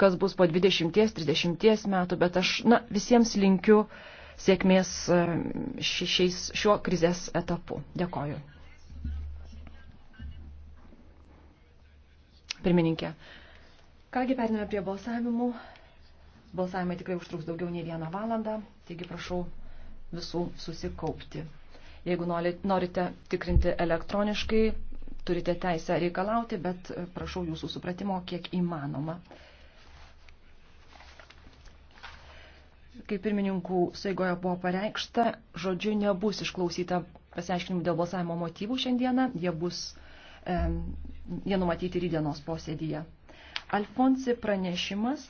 kas bus po 20-30 metų, bet aš na, visiems linkiu sėkmės e, šiais, šiuo krizės etapu. Dėkoju. Pirmininkė. Kągi periname prie balsavimų. Balsavimai tikrai užtruks daugiau nei vieną valandą, taigi prašau visų susikaupti. Jeigu norite tikrinti elektroniškai, turite teisę reikalauti, bet prašau jūsų supratimo, kiek įmanoma. kaip pirmininkų saigoje buvo pareikšta, žodžiu nebus išklausyta pasiaiškinimų dėl balsavimo motyvų šiandieną, jie bus e, jie numatyti rydienos posėdyje. Alfonsi pranešimas,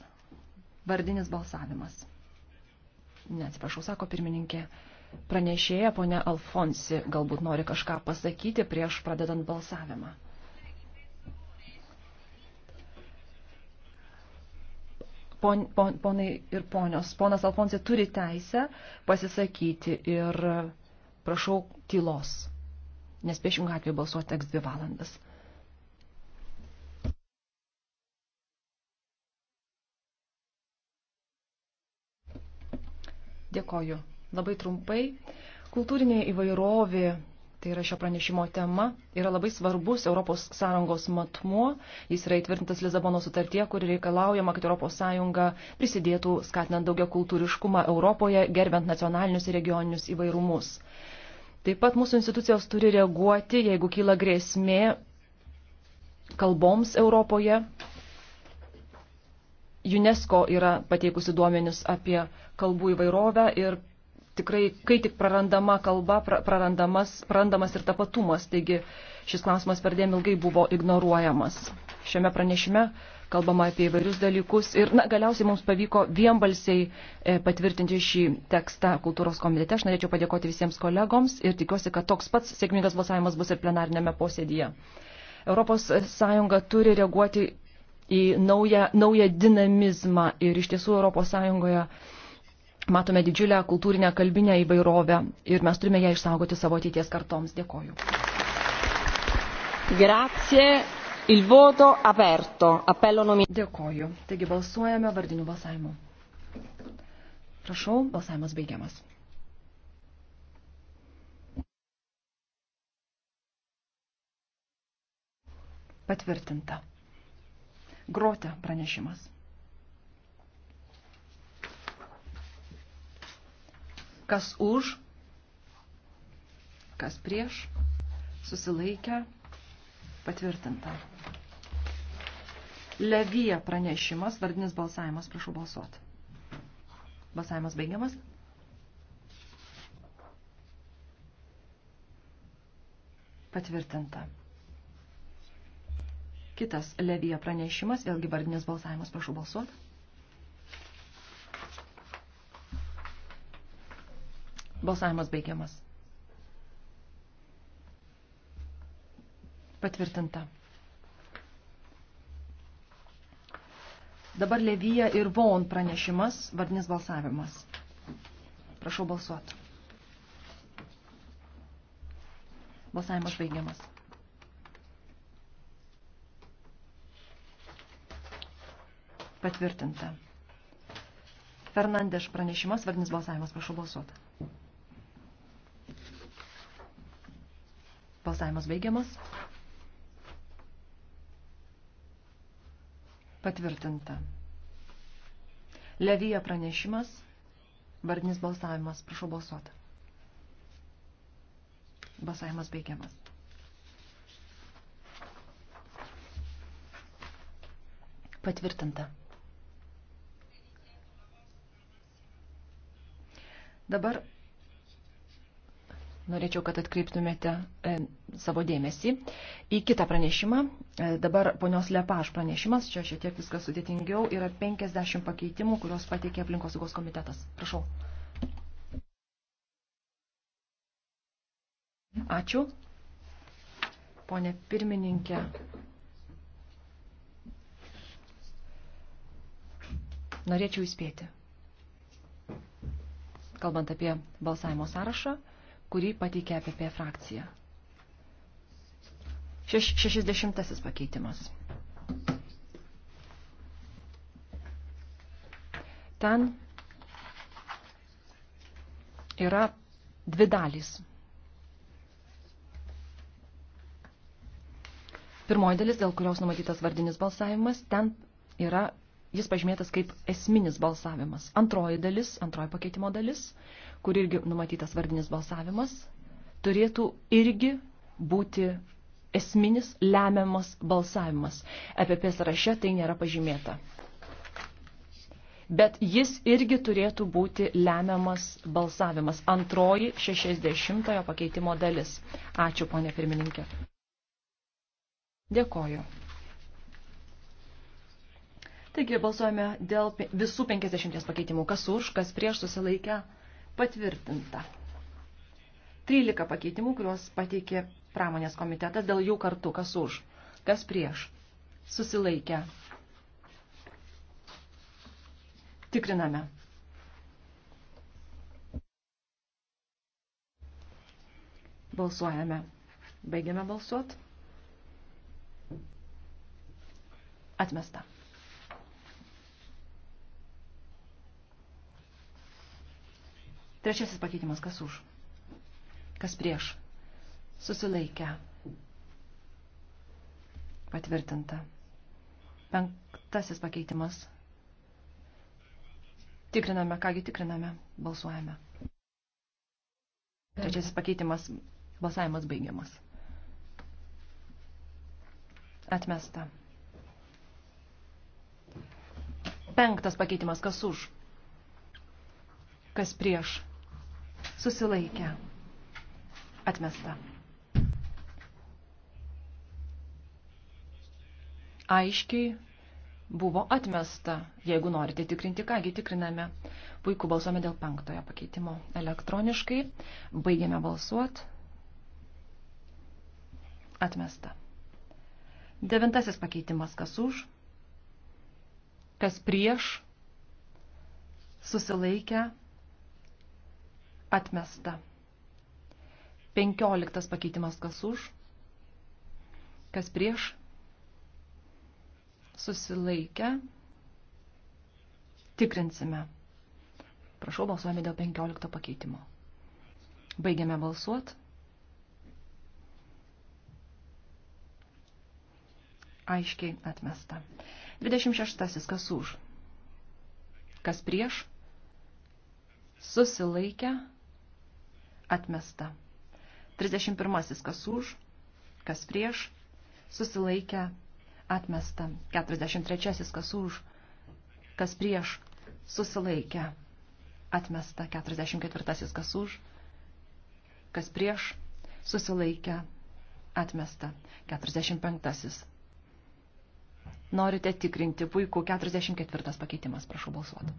vardinis balsavimas. Neatsiprašau, sako pirmininkė. Pranešėja ponia Alfonsi galbūt nori kažką pasakyti prieš pradedant balsavimą. pon, pon, ponai ir ponios, ponas Alfonsė turi teisę pasisakyti ir prašau tylos, nes priešingą atveju balsuo teks dvi valandas. Dėkoju. Labai trumpai. Kultūrinė įvairovė tai yra šio pranešimo tema, yra labai svarbus Europos sąrangos matmuo. Jis yra įtvirtintas Lizabono sutartie, kuri reikalaujama, kad Europos sąjunga prisidėtų skatinant daugia kultūriškumą Europoje, gerbent nacionalinius ir regioninius įvairumus. Taip pat mūsų institucijos turi reaguoti, jeigu kyla grėsmė kalboms Europoje. UNESCO yra pateikusi duomenis apie kalbų įvairovę ir tikrai, kai tik prarandama kalba, prarandamas, prarandamas ir tapatumas. Taigi šis klausimas per dėm ilgai buvo ignoruojamas. Šiame pranešime kalbama apie įvairius dalykus ir na, galiausiai mums pavyko vienbalsiai e, patvirtinti šį tekstą kultūros komitete. Aš norėčiau padėkoti visiems kolegoms ir tikiuosi, kad toks pats sėkmingas balsavimas bus ir plenarinėme posėdyje. Europos Sąjunga turi reaguoti į naują, naują dinamizmą ir iš tiesų Europos Sąjungoje matome didžiulę kultūrinę kalbinę įvairovę ir mes turime ją išsaugoti savo ateities kartoms. Dėkoju. Grazie. Il voto aperto. Appello nominato. Dėkoju. Taigi balsuojame vardiniu balsavimu. Prašau, balsavimas baigiamas. Patvirtinta. Grote pranešimas. Kas už, kas prieš, susilaikę, patvirtinta. Levija pranešimas, vardinis balsavimas, prašau balsuoti. Balsavimas baigiamas. Patvirtinta. Kitas Levija pranešimas, vėlgi vardinis balsavimas, prašau balsuoti. Balsavimas baigiamas. Patvirtinta. Dabar Levyja ir Von pranešimas, vardinis balsavimas. Prašau balsuoti. Balsavimas baigiamas. Patvirtinta. Fernandeš pranešimas, vardinis balsavimas, prašau balsuoti. Balsavimas baigiamas. Patvirtinta. Levyje pranešimas. Vardinis balsavimas. Prašau balsuoti. Balsavimas baigiamas. Patvirtinta. Dabar norėčiau, kad atkreiptumėte e, savo dėmesį į kitą pranešimą. E, dabar ponios Lepaš pranešimas, čia šiek tiek viskas sudėtingiau, yra 50 pakeitimų, kuriuos pateikė aplinkosaugos komitetas. Prašau. Ačiū. Pone pirmininkė. Norėčiau įspėti. Kalbant apie balsavimo sąrašą, kurį pateikė APP frakcija. Šeš, 60 pakeitimas. Ten yra dvi dalys. Pirmoji dalis, dėl kurios numatytas vardinis balsavimas, ten yra jis pažymėtas kaip esminis balsavimas. Antroji dalis, antroji pakeitimo dalis, kur irgi numatytas vardinis balsavimas, turėtų irgi būti esminis lemiamas balsavimas. EPP sąraše tai nėra pažymėta. Bet jis irgi turėtų būti lemiamas balsavimas. Antroji 60 pakeitimo dalis. Ačiū, ponė pirmininkė. Dėkoju. Taigi balsuojame dėl visų 50 pakeitimų. Kas už, kas prieš susilaikę patvirtinta. 13 pakeitimų, kuriuos pateikė pramonės komitetas dėl jų kartu, kas už, kas prieš, susilaikę. Tikriname. Balsuojame. Baigiame balsuot. Atmesta. Trečiasis pakeitimas, kas už? Kas prieš? Susilaikę. Patvirtinta. Penktasis pakeitimas. Tikriname, kągi tikriname, balsuojame. Trečiasis pakeitimas, balsavimas baigiamas. Atmesta. Penktas pakeitimas, kas už? Kas prieš? susilaikę, atmesta. Aiškiai buvo atmesta, jeigu norite tikrinti, kągi tikriname. Puiku balsuome dėl penktojo pakeitimo elektroniškai, baigėme balsuot, atmesta. Devintasis pakeitimas, kas už, kas prieš, susilaikę, Atmesta. 15 pakeitimas kas už, kas prieš, susilaikę, tikrinsime. Prašau, balsuojame dėl 15 pakeitimo. Baigiame balsuot. Aiškiai atmesta. 26. Kas už? Kas prieš? Susilaikę atmesta. 31. Kas už, kas prieš, susilaikę, atmesta. 43. Kas už, kas prieš, susilaikę, atmesta. 44. Kas už, kas prieš, susilaikę, atmesta. 45. Norite tikrinti puikų 44 pakeitimas, prašau balsuoti.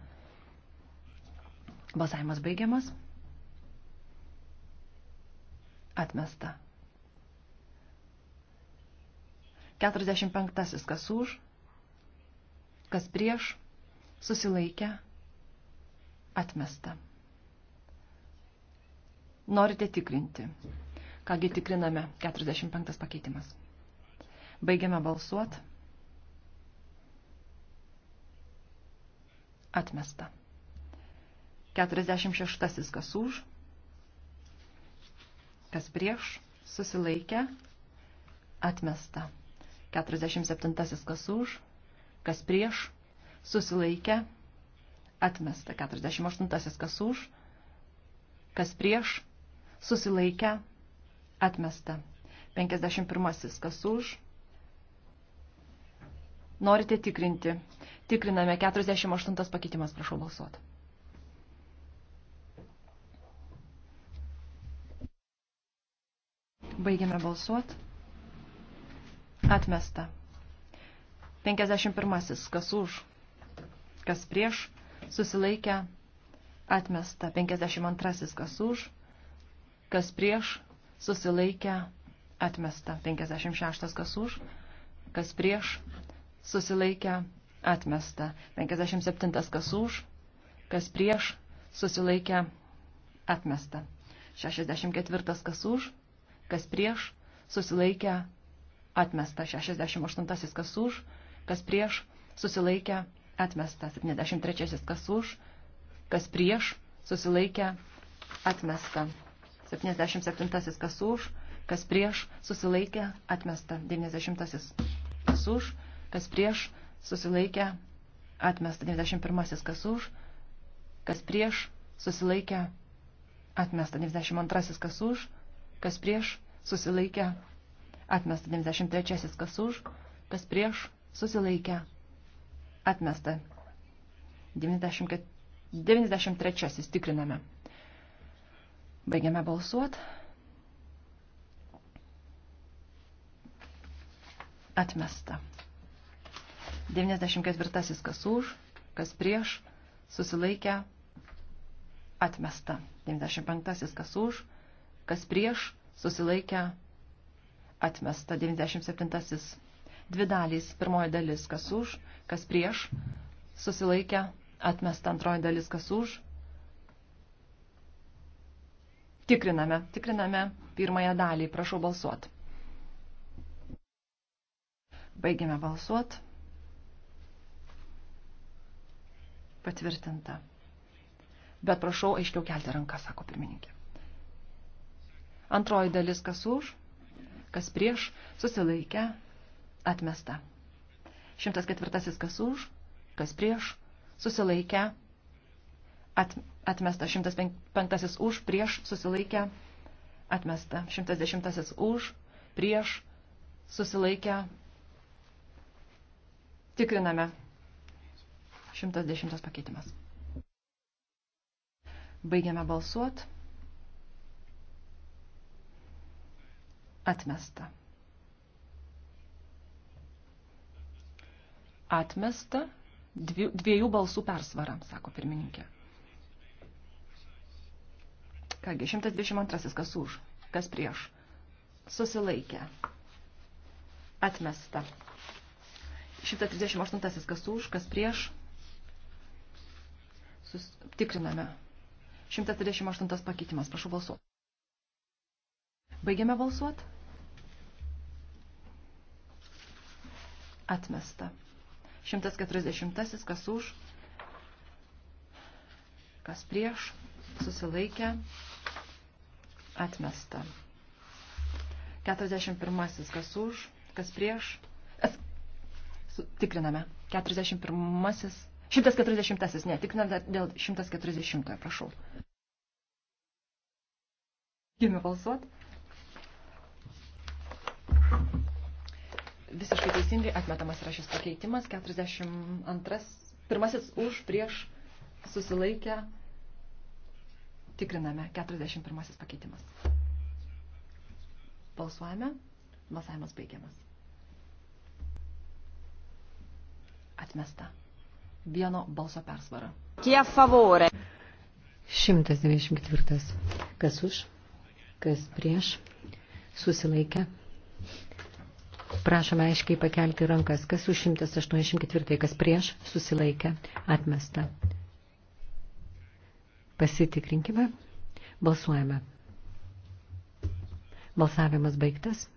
Balsavimas baigiamas. Atmesta. 45. Kas už, kas prieš, susilaikę, atmesta. Norite tikrinti. Kągi tikriname 45 pakeitimas. Baigiame balsuot. Atmesta. 46. Kas už, kas prieš, susilaikė, atmesta. 47 kas už, kas prieš, susilaikė, atmesta. 48 kas už, kas prieš, susilaikė, atmesta. 51 kas už, norite tikrinti. Tikriname 48 pakeitimas, prašau balsuoti. Baigiame balsuoti. Atmesta. 51. Kas už, kas prieš, susilaikę, atmesta. 52. Kas už, kas prieš, susilaikę, atmesta. 56. Kas už, kas prieš, susilaikę, atmesta. 57. Kas už, kas prieš, susilaikę, atmesta. 64. Kas už, kas prieš, susilaikę, atmesta 68 kas už, kas prieš, susilaikę, atmesta 73 kas už, kas prieš, susilaikę, atmesta 77 kas už, kas prieš, susilaikę, atmesta 90 kas už, kas prieš, susilaikę, atmesta 91 kas už, kas prieš, susilaikę, atmesta 92 kas už, kas prieš, susilaikę, atmesta 93, kas už, kas prieš, susilaikę, atmesta 94, 93, tikriname. Baigiame balsuot. Atmesta. 94 kas už, kas prieš, susilaikę, atmesta. 95 kas už, kas prieš, susilaikę, atmesta 97. Dvi dalys, pirmoji dalis, kas už, kas prieš, susilaikę, atmesta antroji dalis, kas už. Tikriname, tikriname pirmąją dalį, prašau balsuot. Baigiame balsuot. Patvirtinta. Bet prašau aiškiau kelti ranką, sako pirmininkė. Antroji dalis kas už, kas prieš, susilaikę, atmesta. 104 kas už, kas prieš, susilaikę, at, atmesta. 105 už, prieš, susilaikę, atmesta. 110 už, prieš, susilaikę, tikriname. 110 pakeitimas. Baigiame balsuoti. Atmesta. Atmesta dviejų balsų persvarą, sako pirmininkė. Kągi, 122 kas už, kas prieš. Susilaikė. Atmesta. 138 kas už, kas prieš. Sus... Tikriname. 138 pakeitimas. Prašau balsuoti. Baigiame balsuoti. atmesta. 140. Kas už, kas prieš, susilaikė, atmesta. 41. Kas už, kas prieš, as, su, tikriname. 41. 140. Ne, tikriname dėl 140. Prašau. Gimė balsuot. Visiškai teisingai atmetamas yra šis pakeitimas. 42. Pirmasis už, prieš, susilaikę. Tikriname. 41. pakeitimas. Balsuojame. Balsavimas baigiamas. Atmesta. Vieno balso persvara. Kie favore? 194. Kas už, kas prieš, susilaikę Prašome aiškiai pakelti rankas, kas už 184, kas prieš, susilaikė, atmesta. Pasitikrinkime, balsuojame. Balsavimas baigtas.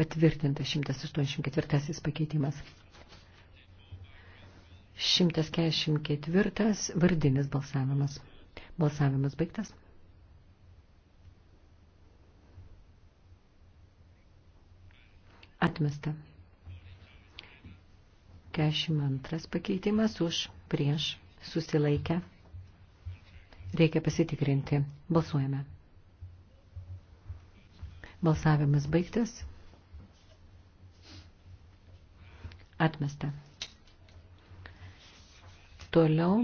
Patvirtintas 184 pakeitimas. 144 vardinis balsavimas. Balsavimas baigtas. Atmesta. 42 pakeitimas už prieš susilaikę. Reikia pasitikrinti. Balsuojame. Balsavimas baigtas. Atmesta. Toliau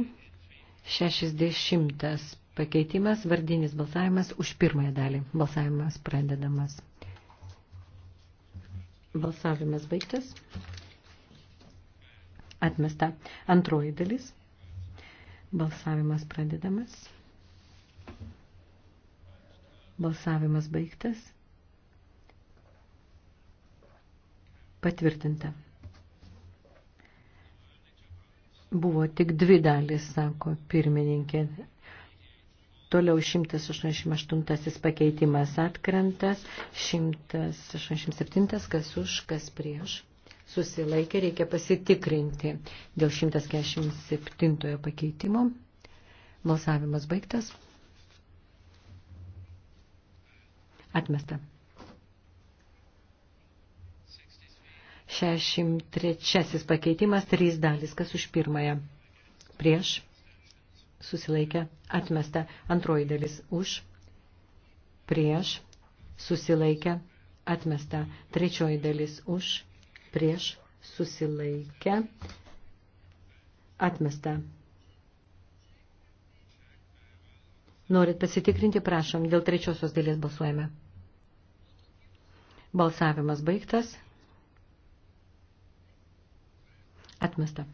60 pakeitimas, vardinis balsavimas už pirmąją dalį. Balsavimas pradedamas. Balsavimas baigtas. Atmesta antroji dalis. Balsavimas pradedamas. Balsavimas baigtas. Patvirtinta. Buvo tik dvi dalys, sako pirmininkė Toliau 188 pakeitimas atkrentas, 187 kas už, kas prieš. Susilaikė, reikia pasitikrinti dėl 147 pakeitimo. Balsavimas baigtas. Atmesta. 63 pakeitimas, 3 dalis, kas už pirmąją. Prieš susilaikė, atmesta. Antroji dalis už, prieš, susilaikė, atmesta. Trečioji dalis už, prieš, susilaikė, atmesta. Norit pasitikrinti, prašom, dėl trečiosios dalies balsuojame. Balsavimas baigtas. Atmesta.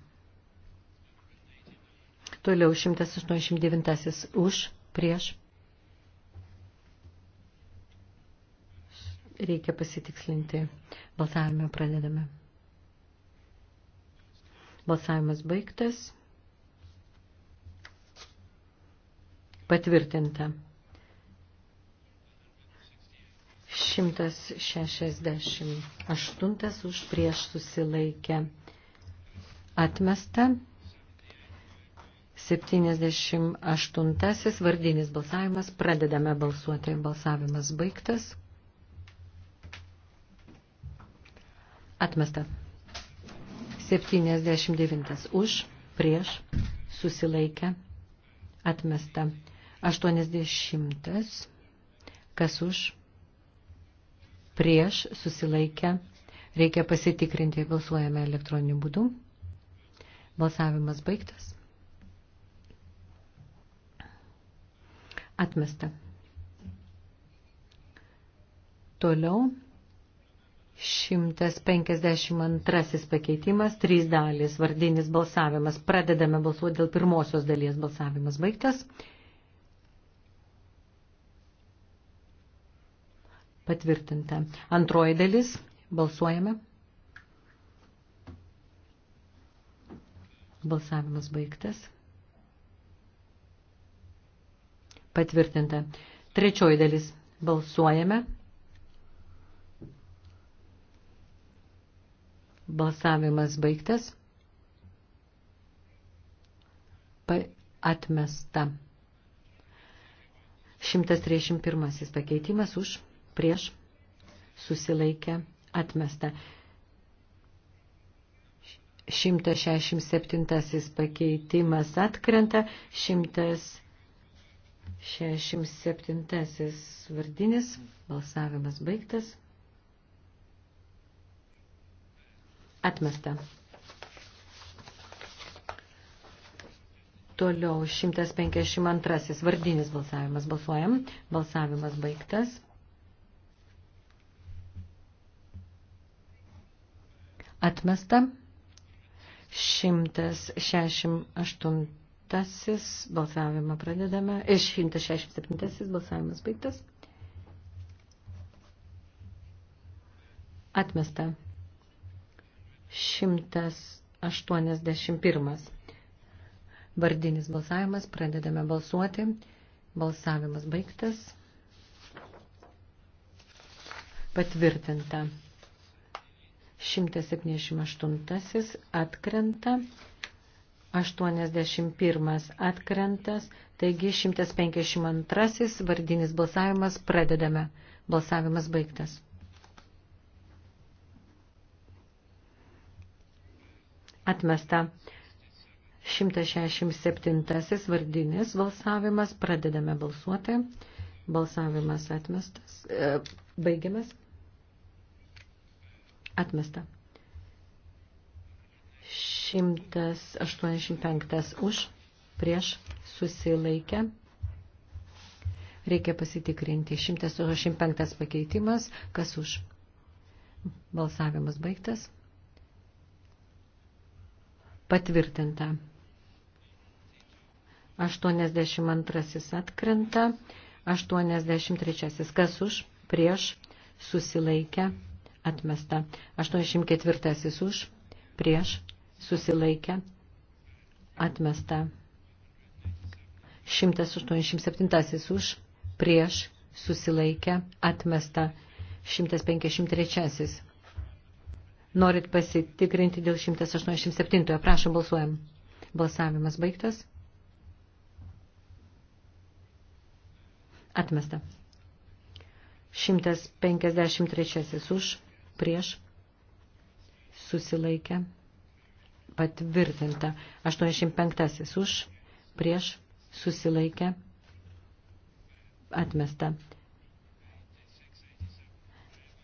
Toliau 189 už, prieš. Reikia pasitikslinti. Balsavimą pradedame. Balsavimas baigtas. Patvirtinta. 168 už prieš susilaikę. Atmesta. 78 vardinis balsavimas. Pradedame balsuoti. Balsavimas baigtas. Atmesta. 79 už, prieš, susilaikę, atmesta. 80 kas už, prieš, susilaikę, reikia pasitikrinti, balsuojame elektroniniu būdu. Balsavimas baigtas. Atmesta. Toliau 152 pakeitimas, 3 dalis, vardinis balsavimas. Pradedame balsuoti dėl pirmosios dalies balsavimas baigtas. Patvirtinta. Antroji dalis. Balsuojame. Balsavimas baigtas. Patvirtinta. Trečioji dalis. Balsuojame. Balsavimas baigtas. Atmesta. 131 pakeitimas už prieš susilaikę atmesta. 167 pakeitimas atkrenta, 100 67 vardinis balsavimas baigtas. Atmesta. Toliau 152 vardinis balsavimas. Balsuojam. Balsavimas baigtas. Atmesta. 168 106 balsavimą pradedame, e, iš 167 balsavimas baigtas. Atmesta. 181. Vardinis balsavimas, pradedame balsuoti. Balsavimas baigtas. Patvirtinta. 178 atkrenta. 81 atkrentas, taigi 152 vardinis balsavimas pradedame. Balsavimas baigtas. Atmesta. 167 vardinis balsavimas pradedame balsuoti. Balsavimas atmestas. E, baigiamas. Atmesta. 185 už, prieš susilaikę. Reikia pasitikrinti. 185 pakeitimas. Kas už? Balsavimas baigtas. Patvirtinta. 82 atkrenta. 83 kas už? Prieš susilaikę. Atmesta. 84 už. Prieš susilaikė, atmesta. 187 už, prieš, susilaikė, atmesta. 153. Norit pasitikrinti dėl 187. Prašom, balsuojam. Balsavimas baigtas. Atmesta. 153 už, prieš, susilaikę, patvirtinta. 85 už, prieš, susilaikė, atmesta.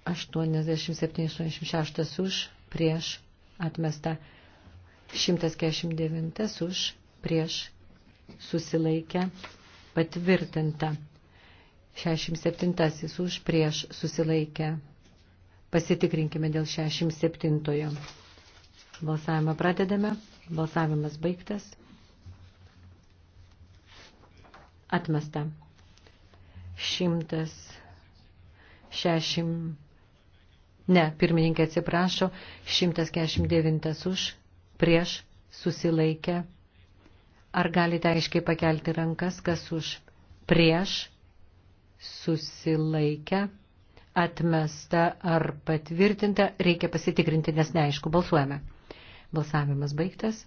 87-86 už, prieš, atmesta. 149 už, prieš, susilaikė, patvirtinta. 67 už, prieš, susilaikė. Pasitikrinkime dėl 67. -ojo. Balsavimą pradedame. Balsavimas baigtas. Atmesta. 160. Ne, pirmininkė atsiprašo. 149 už, prieš, susilaikę. Ar galite aiškiai pakelti rankas, kas už, prieš, susilaikę, atmesta ar patvirtinta, reikia pasitikrinti, nes neaišku, balsuojame. Balsavimas baigtas.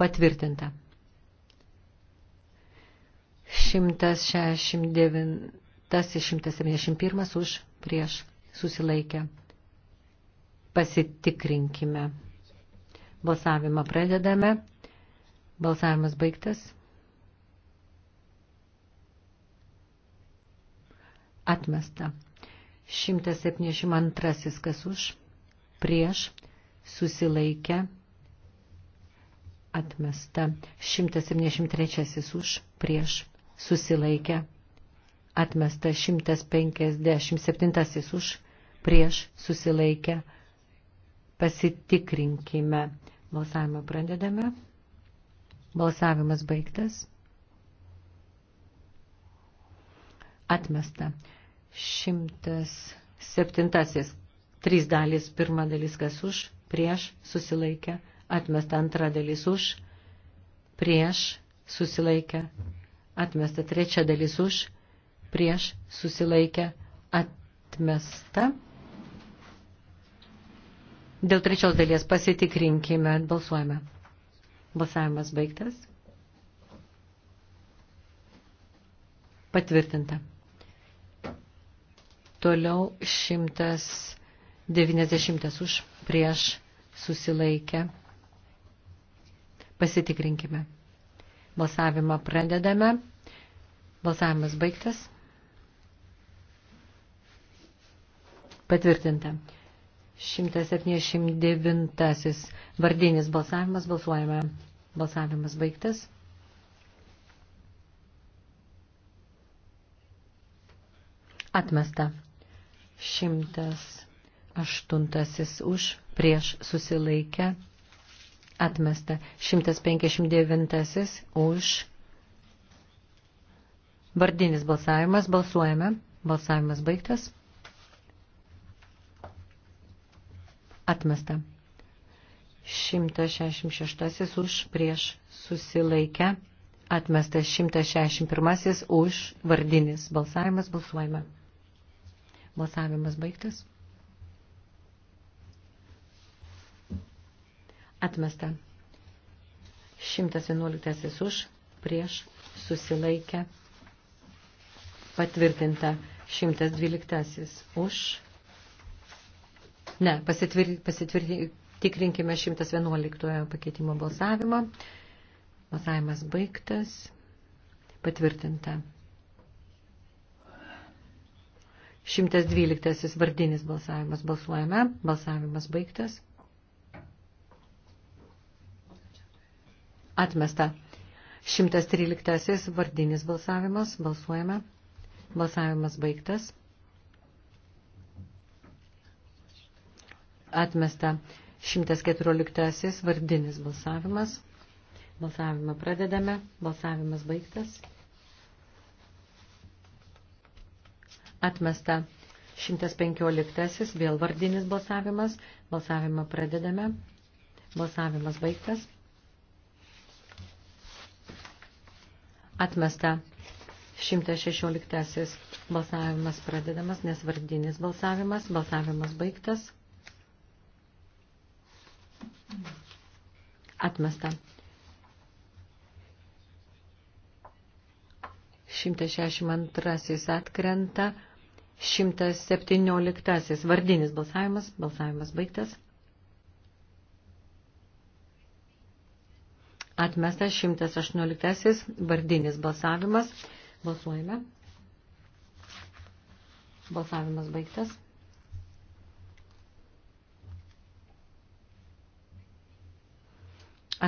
Patvirtinta. 169, 171 už prieš susilaikę. Pasitikrinkime. Balsavimą pradedame. Balsavimas baigtas. Atmesta. 172 kas už prieš susilaikę atmesta. 173 už prieš susilaikę atmesta. 157 už prieš susilaikę pasitikrinkime. Balsavimą pradedame. Balsavimas baigtas. Atmesta. 107 Trys dalis, pirma dalis kas už, prieš, susilaikę, atmesta antra dalis už, prieš, susilaikę, atmesta trečia dalis už, prieš, susilaikę, atmesta. Dėl trečios dalies pasitikrinkime, balsuojame. Balsavimas baigtas. Patvirtinta. Toliau 100. 90 už prieš susilaikę. Pasitikrinkime. Balsavimą pradedame. Balsavimas baigtas. Patvirtinta. 179 vardinis balsavimas. Balsuojame. Balsavimas baigtas. Atmesta. 100. 158 už prieš susilaikę atmesta. 159 už vardinis balsavimas. Balsuojame. Balsavimas baigtas. Atmesta. 166 už prieš susilaikę, atmestas 161 už vardinis balsavimas balsuojame. Balsavimas baigtas. atmesta. 111 už, prieš, susilaikę, patvirtinta. 112 už. Ne, pasitvirti, pasitvirti, tikrinkime 111 pakeitimo balsavimą. Balsavimas baigtas. Patvirtinta. 112 vardinis balsavimas. Balsuojame. Balsavimas baigtas. Atmesta. 113 vardinis balsavimas. Balsuojame. Balsavimas baigtas. Atmesta. 114 vardinis balsavimas. Balsavimą pradedame. Balsavimas baigtas. Atmesta. 115. Vėl vardinis balsavimas. Balsavimą pradedame. Balsavimas baigtas. Atmesta 116 balsavimas pradedamas, nes vardinis balsavimas, balsavimas baigtas. Atmesta. 162 atkrenta, 117 vardinis balsavimas, balsavimas baigtas. Atmestas 118 vardinis balsavimas. Balsuojame. Balsavimas baigtas.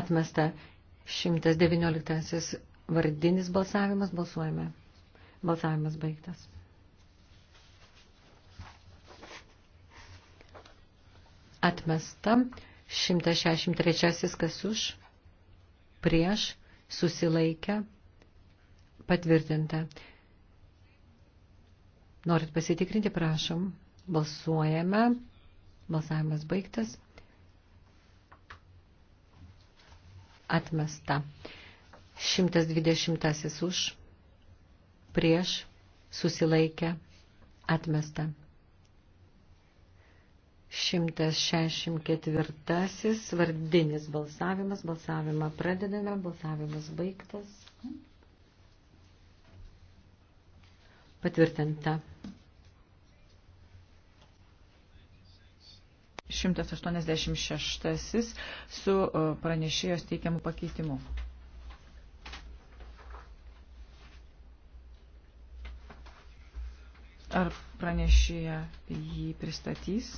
Atmesta 119 vardinis balsavimas. Balsuojame. Balsavimas baigtas. Atmesta 163 kas už prieš, susilaikę, patvirtinta. Norit pasitikrinti, prašom. Balsuojame. Balsavimas baigtas. Atmesta. 120 už, prieš, susilaikę, atmesta. 164 vardinis balsavimas. Balsavimą pradedame, balsavimas baigtas. Patvirtinta. 186 su e, pranešėjos teikiamu pakeitimu. Ar pranešėja jį pristatys?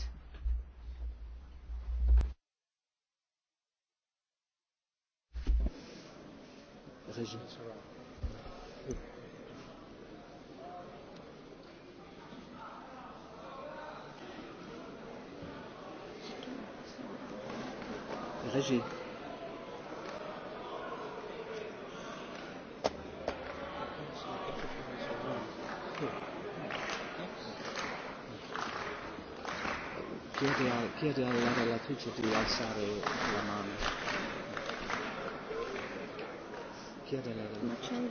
régime. Régie. Chiede, a, chiede alla relatrice di alzare la mano. chiede la... Ma c'è il...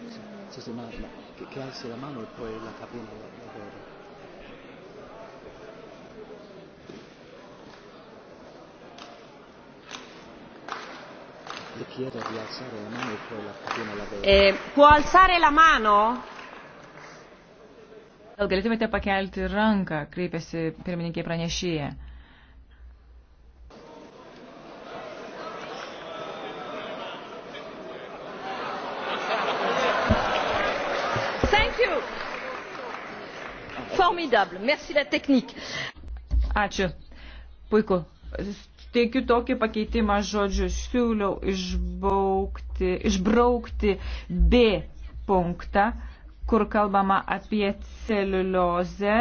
Sì, sì, ma, ma che, che alzi la mano e poi la cabina la, la vede. Le chiedo di alzare la mano e poi la cabina la vede. Eh, può alzare la mano? Gal galėtumėte pakelti ranką, kreipėsi pirmininkė pranešėja. formidable. Merci la technique. Ačiū. Puiku. Teikiu tokį pakeitimą žodžiu. Siūliau išbaukti, išbraukti B punktą, kur kalbama apie celiuliozę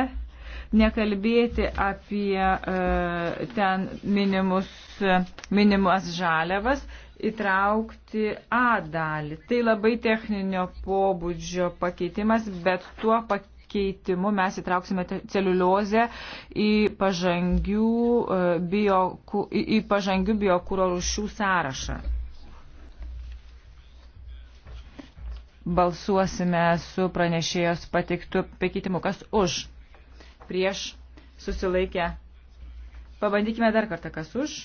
nekalbėti apie e, ten minimus, minimas žaliavas, įtraukti A dalį. Tai labai techninio pobūdžio pakeitimas, bet tuo pakeitimu keitimu mes įtrauksime celiuliozę į pažangių, e, bio, į pažangių biokūro rūšių sąrašą. Balsuosime su pranešėjos pateiktų pakeitimu. Kas už? Prieš susilaikę. Pabandykime dar kartą, kas už.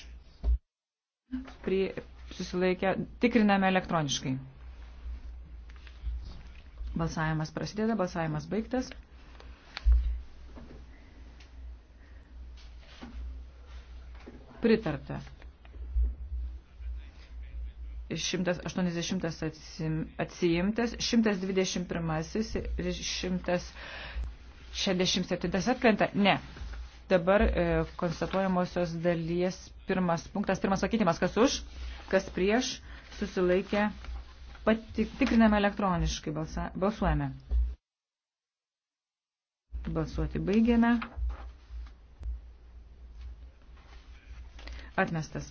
Prie, susilaikę. Tikriname elektroniškai. Balsavimas prasideda, balsavimas baigtas. Pritarta. 180 atsijimtas, 121 ir 167 atkrenta. Ne. Dabar e, konstatuojamosios dalies pirmas punktas, pirmas pakeitimas, kas už, kas prieš, susilaikė Tikriname elektroniškai, balsa, balsuojame. Balsuoti baigėme. Atmestas.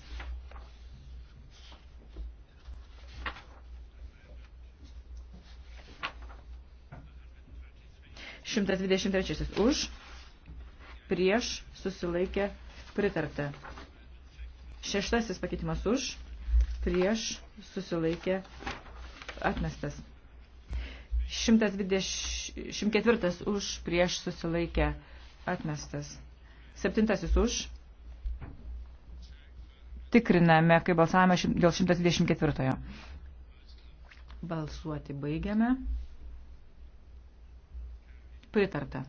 Šimtas dvidešimt trečiasis už, prieš, susilaikė, pritarta. Šeštasis pakeitimas už, prieš, susilaikė, pritarta atmestas. 124 už prieš susilaikę atmestas. 7 už. Tikriname, kai balsavome dėl 124. Balsuoti baigiame. Pritarta.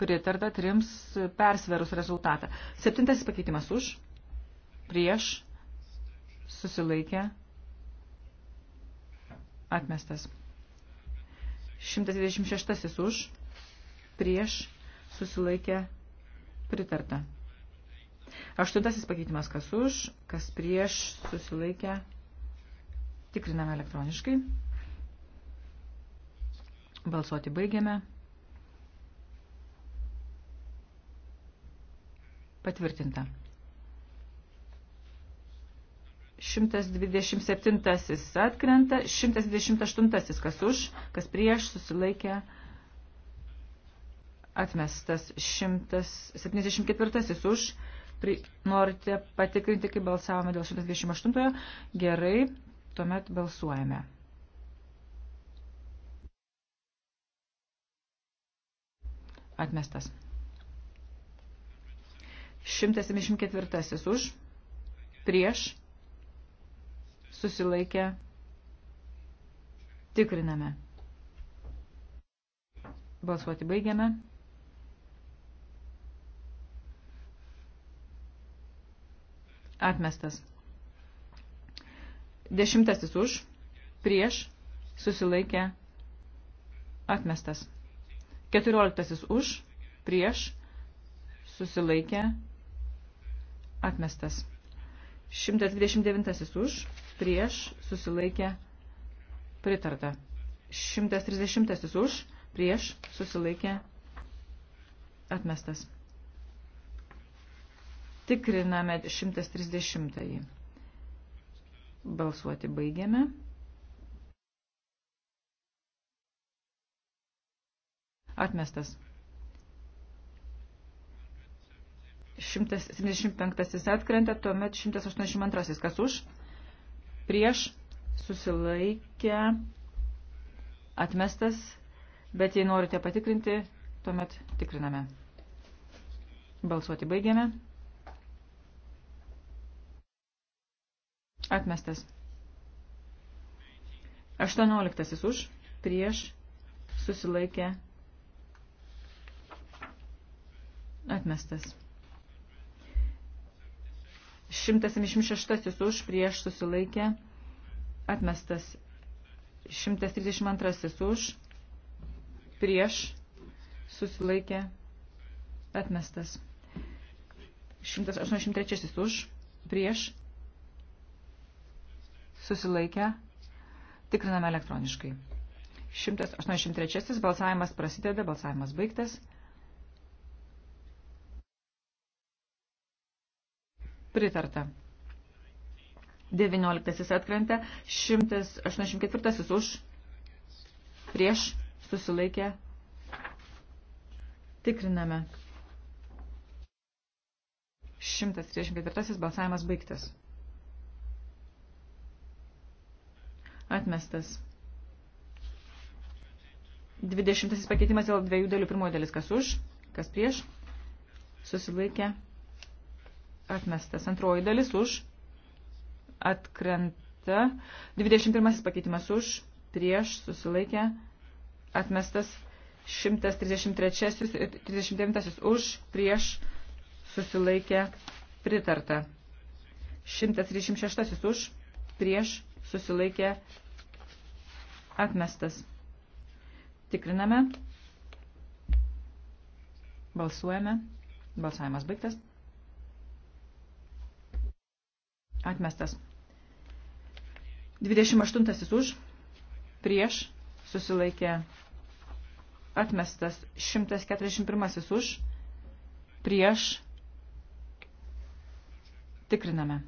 Pritarta trims persverus rezultatą. Septintasis pakeitimas už, prieš, susilaikė, atmestas. 126 už, prieš, susilaikė, pritarta. Aštuntasis pakeitimas kas už, kas prieš, susilaikė, tikriname elektroniškai. Balsuoti baigiame. Patvirtinta. 127 atkrenta, 128 kas už, kas prieš susilaikė atmestas, 174 už, pri, norite patikrinti, kaip balsavome dėl 128, gerai, tuomet balsuojame. Atmestas. 174 už, prieš, susilaikę, tikriname. Balsuoti baigiame. Atmestas. Dešimtasis už, prieš, susilaikę, atmestas. Keturioliktasis už, prieš, susilaikę, atmestas. 129 už, prieš, susilaikė, pritarta. 130 už, prieš, susilaikė, atmestas. Tikriname 130. -ąjį. Balsuoti baigiame. Atmestas. 175 atkrenta, tuomet 182. Kas už? Prieš susilaikę atmestas, bet jei norite patikrinti, tuomet tikriname. Balsuoti baigiame. Atmestas. 18 už, prieš, susilaikė, atmestas. 176 už prieš susilaikė atmestas. 132 už prieš susilaikė atmestas. 183 už prieš susilaikę tikriname elektroniškai. 183 balsavimas prasideda, balsavimas baigtas. Pritarta. 19 atkrenta, 184 už, prieš, susilaikė. Tikriname. 134 balsavimas baigtas. Atmestas. 20 pakeitimas dėl dviejų dalių. Pirmoji dalis kas už, kas prieš, susilaikė atmestas. Antroji dalis už, atkrenta. 21 pakeitimas už, prieš, susilaikė, atmestas. 133 ir 39 už, prieš, susilaikė, pritarta. 136 už, prieš, susilaikė, atmestas. Tikriname. Balsuojame. Balsavimas baigtas. Atmestas. 28 už, prieš, susilaikė. Atmestas. 141 už, prieš. Tikriname.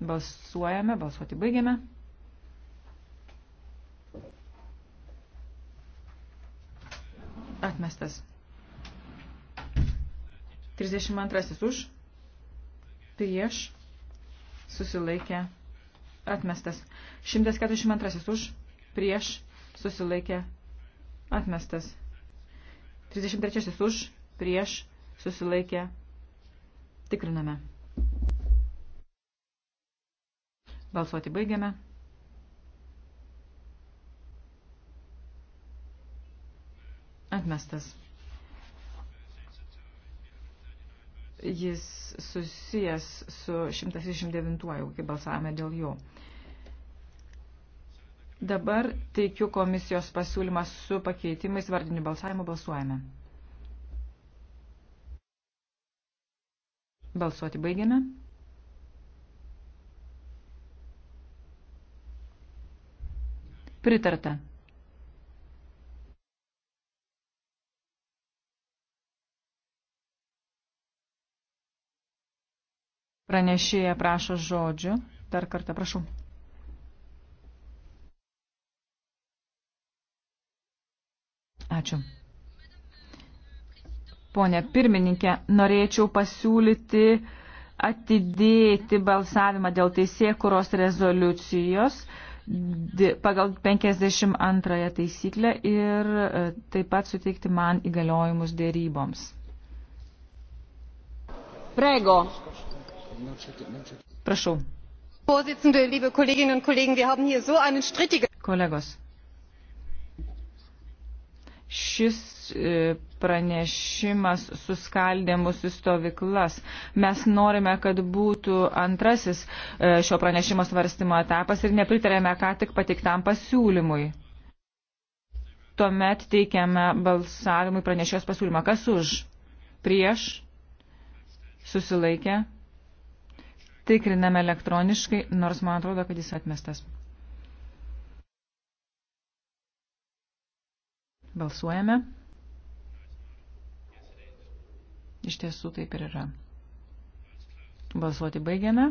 Balsuojame, balsuoti baigiame. Atmestas. 32 už prieš, susilaikė, atmestas. 142 už, prieš, susilaikė, atmestas. 33 už, prieš, susilaikė, tikriname. Balsuoti baigiame. Atmestas. jis susijęs su 129-uoju, kai balsavome dėl jų. Dabar teikiu komisijos pasiūlymą su pakeitimais vardiniu balsavimu balsuojame. Balsuoti baigiame. Pritarta. Pranešėja prašo žodžių. Dar kartą prašau. Ačiū. Pone pirmininkė, norėčiau pasiūlyti atidėti balsavimą dėl teisėkuros rezoliucijos pagal 52 taisyklę ir e, taip pat suteikti man įgaliojimus dėryboms. Prego. Prašau. Kolegos, šis e, pranešimas suskaldė mūsų stovyklas. Mes norime, kad būtų antrasis e, šio pranešimo svarstymo etapas ir nepritarėme ką tik pateiktam pasiūlymui. Tuomet teikiame balsavimui pranešėjos pasiūlymą. Kas už? Prieš? Susilaikė? tikriname elektroniškai, nors man atrodo, kad jis atmestas. Balsuojame. Iš tiesų taip ir yra. Balsuoti baigiame.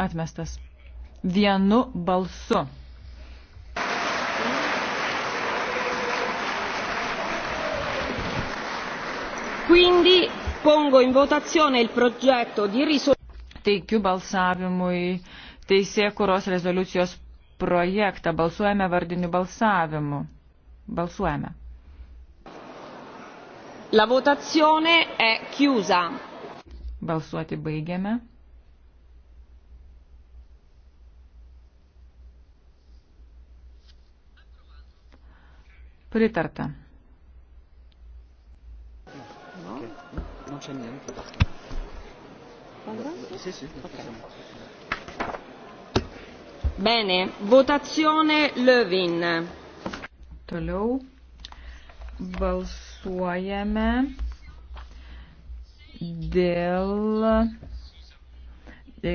Atmestas. Vienu balsu. Quindi Pongo in votazione il progetto di risoluzione. Teikiu balsavimui teisėkuros rezoliucijos projektą. Balsuojame vardiniu balsavimu. Balsuojame. La votazione è chiusa. Balsuoti baigiame. Pritarta. funktionieren. Bene, votazione Lövin. Toliau balsuojame dėl e,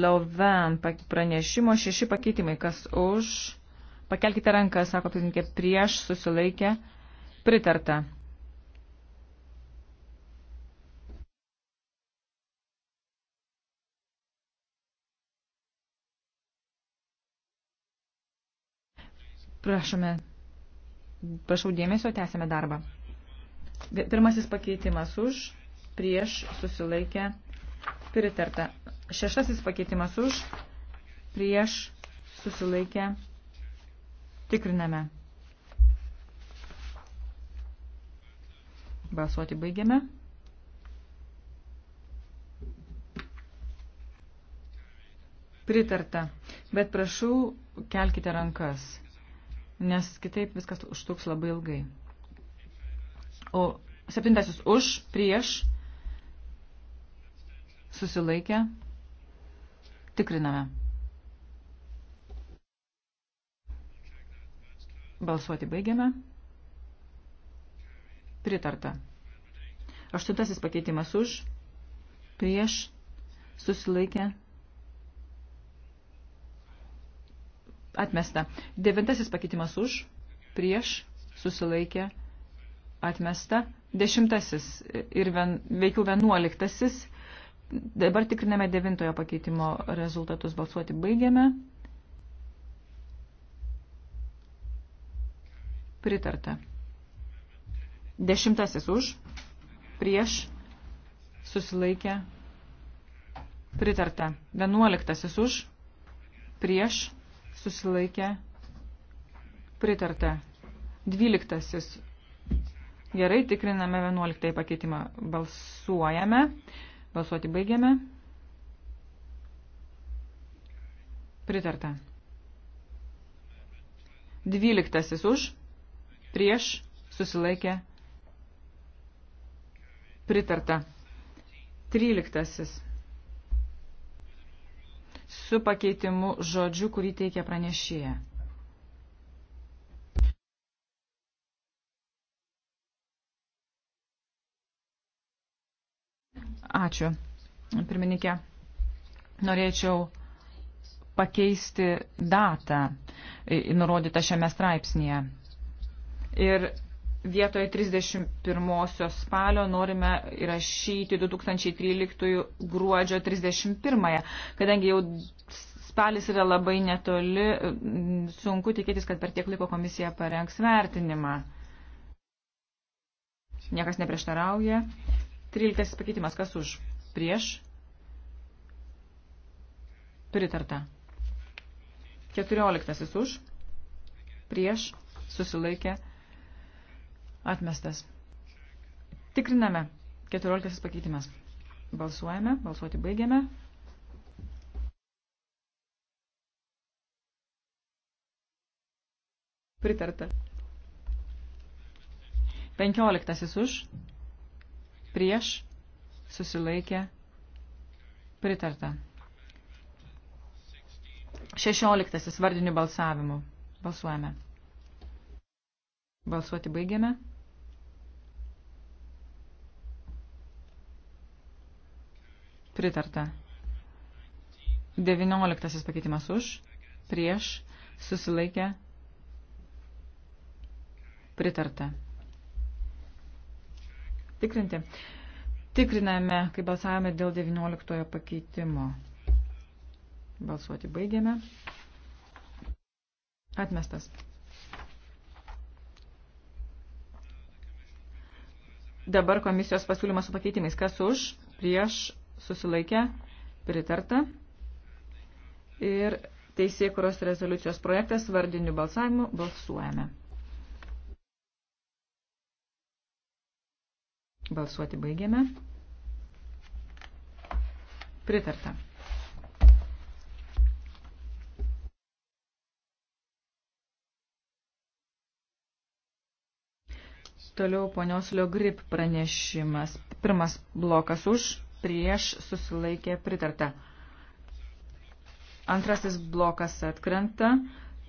Loven pranešimo šeši pakeitimai. Kas už? Pakelkite ranką, sako pirmininkė, prieš susilaikę pritarta. Prašome, prašau dėmesio, tęsime darbą. Pirmasis pakeitimas už, prieš, susilaikę, pritarta. Šeštasis pakeitimas už, prieš, susilaikę, tikriname. Balsuoti baigiame. Pritarta. Bet prašau, kelkite rankas nes kitaip viskas užtruks labai ilgai. O septintasis už, prieš, susilaikę, tikriname. Balsuoti baigiame. Pritarta. Aštuntasis pakeitimas už, prieš, susilaikę, atmesta. Devintasis pakeitimas už, prieš, susilaikė, atmesta. Dešimtasis ir ven, veikiau vienuoliktasis. Dabar tikriname devintojo pakeitimo rezultatus. Balsuoti baigiame. Pritarta. Dešimtasis už, prieš, susilaikė, pritarta. Vienuoliktasis už, prieš, susilaikė pritarta. Dvyliktasis. Gerai, tikriname vienuoliktąjį pakeitimą. Balsuojame. Balsuoti baigiame. Pritarta. Dvyliktasis už, prieš, susilaikė, pritarta. Tryliktasis su pakeitimu žodžiu, kurį teikia pranešėja. Ačiū. Pirmininkė, norėčiau pakeisti datą nurodytą šiame straipsnėje. Ir vietoje 31 spalio norime įrašyti 2013 gruodžio 31, kadangi jau spalis yra labai netoli, sunku tikėtis, kad per tiek laiko komisija parengs vertinimą. Niekas neprieštarauja. 13 pakeitimas, kas už? Prieš? Pritarta. 14 už? Prieš? Susilaikė? Atmestas. Tikriname. 14 pakeitimas. Balsuojame. Balsuoti baigiame. Pritarta. 15 už. Prieš. Susilaikė. Pritarta. 16 vardiniu balsavimu. Balsuojame. Balsuoti baigiame. Pritarta. 19 pakeitimas už, prieš, susilaikė, pritarta. Tikrinti. Tikriname, kai balsavome dėl 19 pakeitimo. Balsuoti baigėme. Atmestas. Dabar komisijos pasiūlymas su pakeitimais. Kas už, prieš, susilaikė, pritarta. Ir teisėkuros rezoliucijos projektas vardiniu balsavimu balsuojame. Balsuoti baigėme. Pritarta. Toliau ponios Liogrip pranešimas. Pirmas blokas už, prieš susilaikė pritarta. Antrasis blokas atkrenta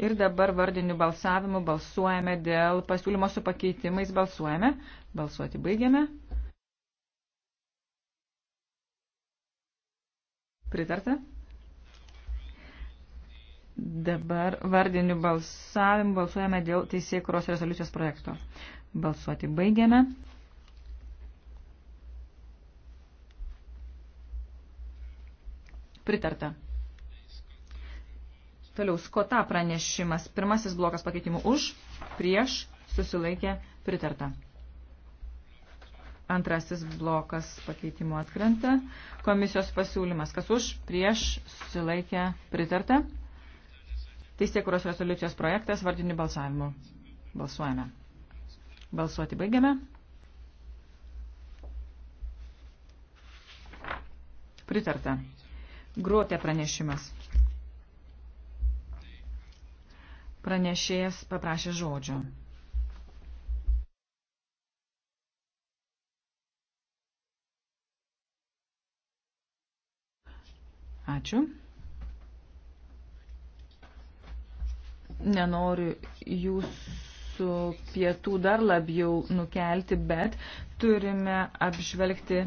ir dabar vardiniu balsavimu balsuojame dėl pasiūlymo su pakeitimais. Balsuojame. Balsuoti baigiame. Pritarta. Dabar vardiniu balsavimu balsuojame dėl teisėkuros rezoliucijos projekto. Balsuoti baigiame. Pritarta. Toliau skota pranešimas. Pirmasis blokas pakeitimų už, prieš, susilaikė, pritarta. Antrasis blokas pakeitimų atkrenta. Komisijos pasiūlymas. Kas už, prieš, susilaikė, pritarta. Teisėkuros rezoliucijos projektas vardiniu balsavimu. Balsuojame. Balsuoti baigiame. Pritarta. Gruotė pranešimas. Pranešėjas paprašė žodžio. Ačiū. Nenoriu jūsų pietų dar labiau nukelti, bet turime apžvelgti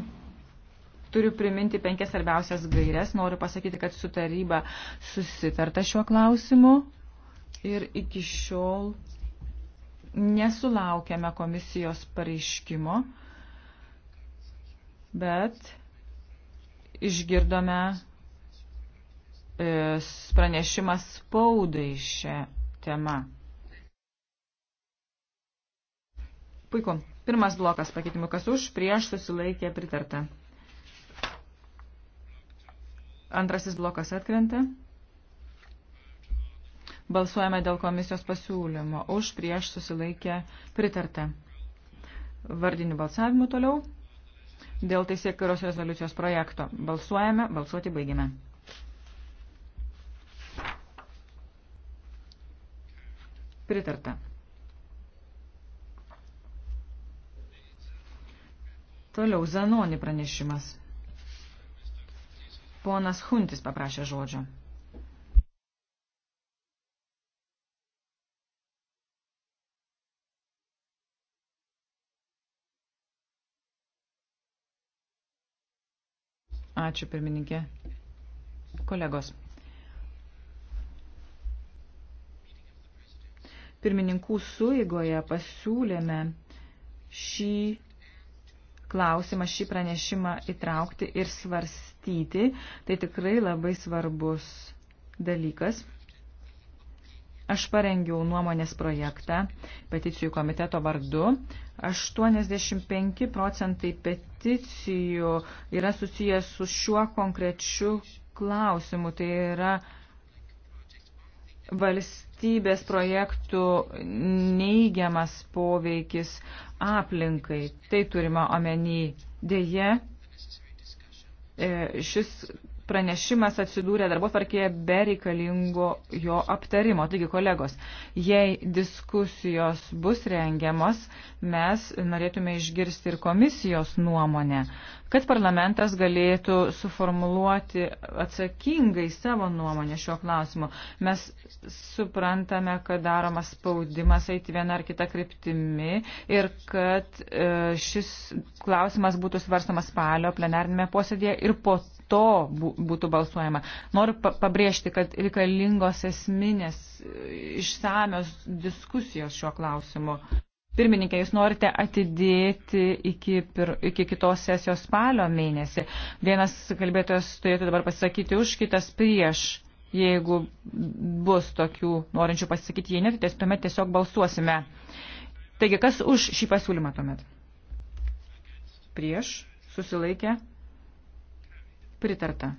turiu priminti penkias svarbiausias gairias. Noriu pasakyti, kad su taryba susitarta šiuo klausimu ir iki šiol nesulaukėme komisijos pareiškimo, bet išgirdome e, pranešimas spaudai šią temą. Puiku. Pirmas blokas pakeitimų, kas už, prieš susilaikė pritarta. Antrasis blokas atkrenta. Balsuojame dėl komisijos pasiūlymo. Už prieš susilaikę pritarta. Vardinių balsavimų toliau. Dėl teisėkiros rezoliucijos projekto. Balsuojame, balsuoti baigime. Pritarta. Toliau Zanoni pranešimas. Ponas Huntis paprašė žodžio. Ačiū, pirmininkė. Kolegos. Pirmininkų suigoje pasiūlėme šį klausimą, šį pranešimą įtraukti ir svars, apmastyti. Tai tikrai labai svarbus dalykas. Aš parengiau nuomonės projektą peticijų komiteto vardu. 85 procentai peticijų yra susijęs su šiuo konkrečiu klausimu. Tai yra valstybės projektų neigiamas poveikis aplinkai. Tai turima omeny. Deja, E, šis pranešimas atsidūrė darbo tvarkėje be reikalingo jo aptarimo. Taigi, kolegos, jei diskusijos bus rengiamos, mes norėtume išgirsti ir komisijos nuomonę, kad parlamentas galėtų suformuluoti atsakingai savo nuomonę šiuo klausimu. Mes suprantame, kad daromas spaudimas eiti viena ar kita kryptimi ir kad e, šis klausimas būtų svarstamas spalio plenarinėme posėdėje ir po to būtų balsuojama. Noriu pabrėžti, kad reikalingos esminės e, išsamios diskusijos šiuo klausimu. Pirmininkė, jūs norite atidėti iki, pir, iki kitos sesijos spalio mėnesį. Vienas kalbėtojas turėtų dabar pasisakyti už, kitas prieš. Jeigu bus tokių norinčių pasisakyti, jei ne, tai tuomet tiesiog balsuosime. Taigi, kas už šį pasiūlymą tuomet? Prieš, susilaikė, Pritarta.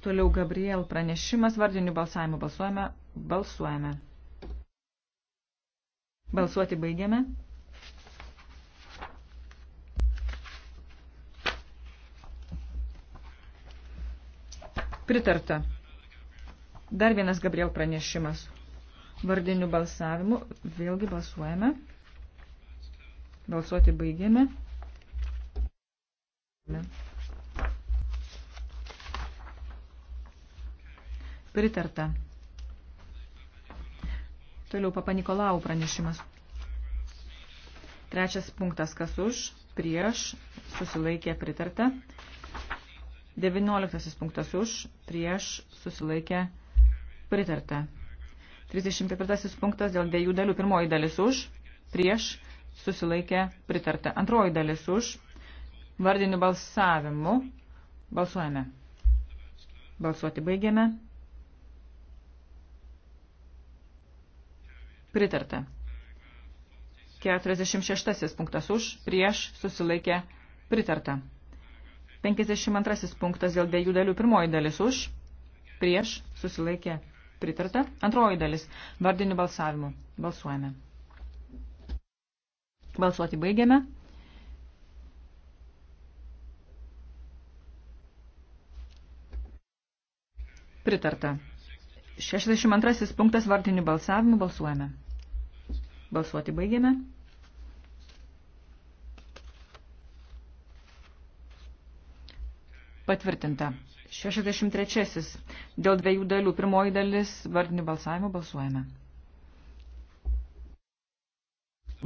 Toliau Gabriel pranešimas vardiniu balsavimu. Balsuojame. Balsuojame. Balsuoti baigiame. Pritarta. Dar vienas Gabriel pranešimas vardiniu balsavimu. Vėlgi balsuojame. Balsuoti baigėme. Pritarta. Toliau papa Nikolau pranešimas. Trečias punktas, kas už, prieš, susilaikė pritarta. Devinioliktasis punktas už, prieš, susilaikė pritarta. 34 punktas dėl dviejų dalių. Pirmoji dalis už, prieš, susilaikė, pritarta. Antroji dalis už, vardiniu balsavimu. Balsuojame. Balsuoti baigiame. Pritarta. 46 punktas už, prieš, susilaikė, pritarta. 52 punktas dėl dviejų dalių. Pirmoji dalis už, prieš, susilaikė, Pritarta. Antroji dalis. Vardiniu balsavimu. Balsuojame. Balsuoti baigiame. Pritarta. 62 punktas vardinių balsavimų balsuojame. Balsuoti baigiame. Patvirtinta. 63. Dėl dviejų dalių. Pirmoji dalis vardinių balsavimo balsuojame.